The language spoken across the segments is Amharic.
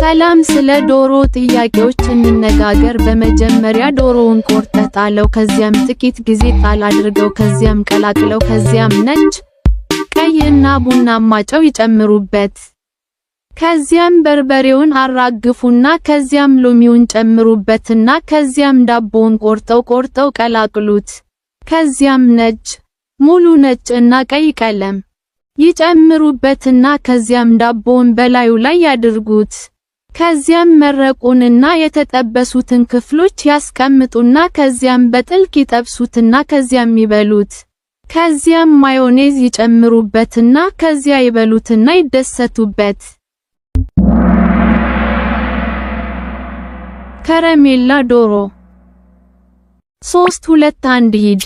ሰላም ስለ ዶሮ ጥያቄዎች እንነጋገር። በመጀመሪያ ዶሮውን ቆርጠህ ጣለው። ከዚያም ጥቂት ጊዜ ጣል አድርገው። ከዚያም ቀላቅለው። ከዚያም ነጭ፣ ቀይ እና ቡናማ ጨው ይጨምሩበት። ከዚያም በርበሬውን አራግፉና ከዚያም ሎሚውን ጨምሩበትና ከዚያም ዳቦውን ቆርጠው ቆርጠው ቀላቅሉት። ከዚያም ነጭ ሙሉ ነጭ እና ቀይ ቀለም ይጨምሩበትና ከዚያም ዳቦውን በላዩ ላይ ያድርጉት። ከዚያም መረቁንና የተጠበሱትን ክፍሎች ያስቀምጡና ከዚያም በጥልቅ ይጠብሱትና ከዚያም ይበሉት። ከዚያም ማዮኔዝ ይጨምሩበትና ከዚያ ይበሉትና ይደሰቱበት። ከረሜላ ዶሮ 3 2 1 ሂድ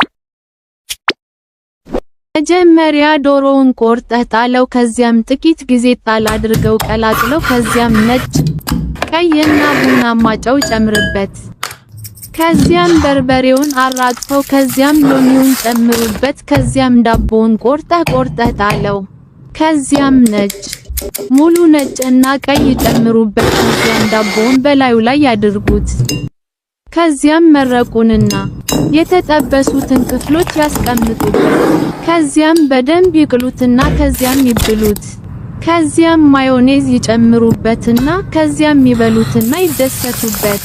መጀመሪያ ዶሮውን ቆርጠህ ጣለው። ከዚያም ጥቂት ጊዜ ጣል አድርገው ቀላቅለው። ከዚያም ነጭ፣ ቀይና ቡናማ ጨው ጨምርበት። ከዚያም በርበሬውን አራጥፈው። ከዚያም ሎሚውን ጨምሩበት። ከዚያም ዳቦውን ቆርጠህ ቆርጠህ ጣለው። ከዚያም ነጭ፣ ሙሉ ነጭ እና ቀይ ጨምሩበት። ከዚያም ዳቦውን በላዩ ላይ ያድርጉት። ከዚያም መረቁንና የተጠበሱትን ክፍሎች ያስቀምጡት። ከዚያም በደንብ ይቅሉትና ከዚያም ይብሉት። ከዚያም ማዮኔዝ ይጨምሩበትና ከዚያም ይበሉትና ይደሰቱበት።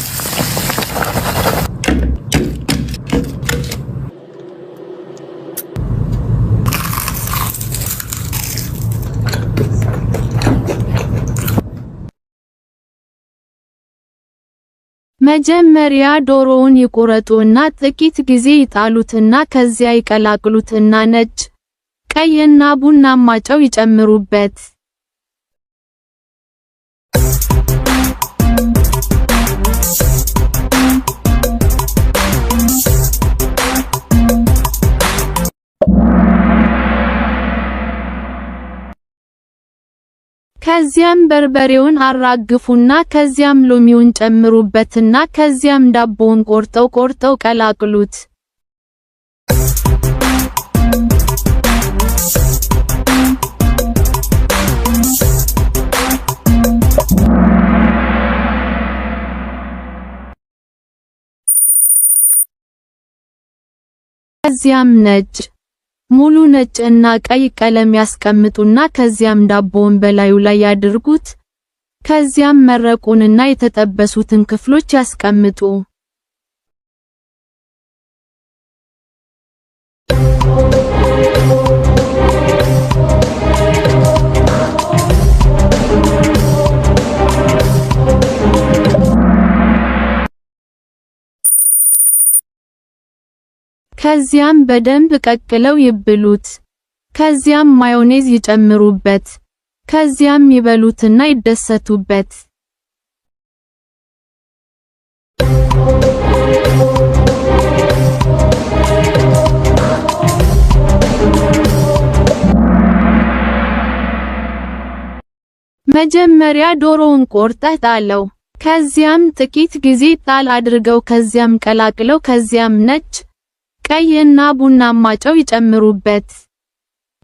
መጀመሪያ ዶሮውን ይቆረጡና ጥቂት ጊዜ ይጣሉትና ከዚያ ይቀላቅሉትና ነጭ፣ ቀይና ቡናማ ጨው ይጨምሩበት። ከዚያም በርበሬውን አራግፉና ከዚያም ሎሚውን ጨምሩበትና ከዚያም ዳቦውን ቆርጠው ቆርጠው ቀላቅሉት። ከዚያም ነጭ ሙሉ ነጭ እና ቀይ ቀለም ያስቀምጡና ከዚያም ዳቦውን በላዩ ላይ ያድርጉት። ከዚያም መረቁንና የተጠበሱትን ክፍሎች ያስቀምጡ። ከዚያም በደንብ ቀቅለው ይብሉት። ከዚያም ማዮኔዝ ይጨምሩበት። ከዚያም ይበሉትና ይደሰቱበት። መጀመሪያ ዶሮውን ቆርጠህ ጣለው። ከዚያም ጥቂት ጊዜ ጣል አድርገው ከዚያም ቀላቅለው ከዚያም ነጭ ቀይ እና ቡናማ ጨው ይጨምሩበት።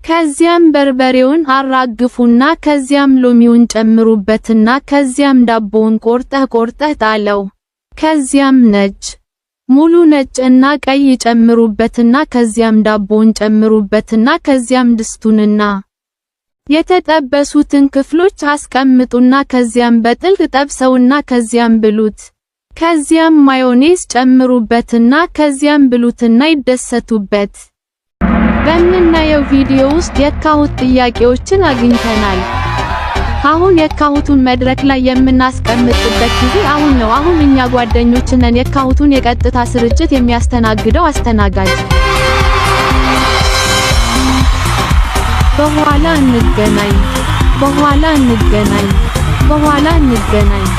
ከዚያም በርበሬውን አራግፉና ከዚያም ሎሚውን ጨምሩበትና ከዚያም ዳቦውን ቆርጠህ ቆርጠህ ጣለው። ከዚያም ነጭ ሙሉ ነጭ እና ቀይ ጨምሩበትና ከዚያም ዳቦውን ጨምሩበትና ከዚያም ድስቱንና የተጠበሱትን ክፍሎች አስቀምጡና ከዚያም በጥልቅ ጠብሰውና ከዚያም ብሉት። ከዚያም ማዮኔዝ ጨምሩበትና ከዚያም ብሉትና ይደሰቱበት። በምናየው ቪዲዮ ውስጥ የካሁት ጥያቄዎችን አግኝተናል። አሁን የካሁቱን መድረክ ላይ የምናስቀምጥበት ጊዜ አሁን ነው። አሁን እኛ ጓደኞች ነን። የካሁቱን የቀጥታ ስርጭት የሚያስተናግደው አስተናጋጅ። በኋላ እንገናኝ፣ በኋላ እንገናኝ፣ በኋላ እንገናኝ።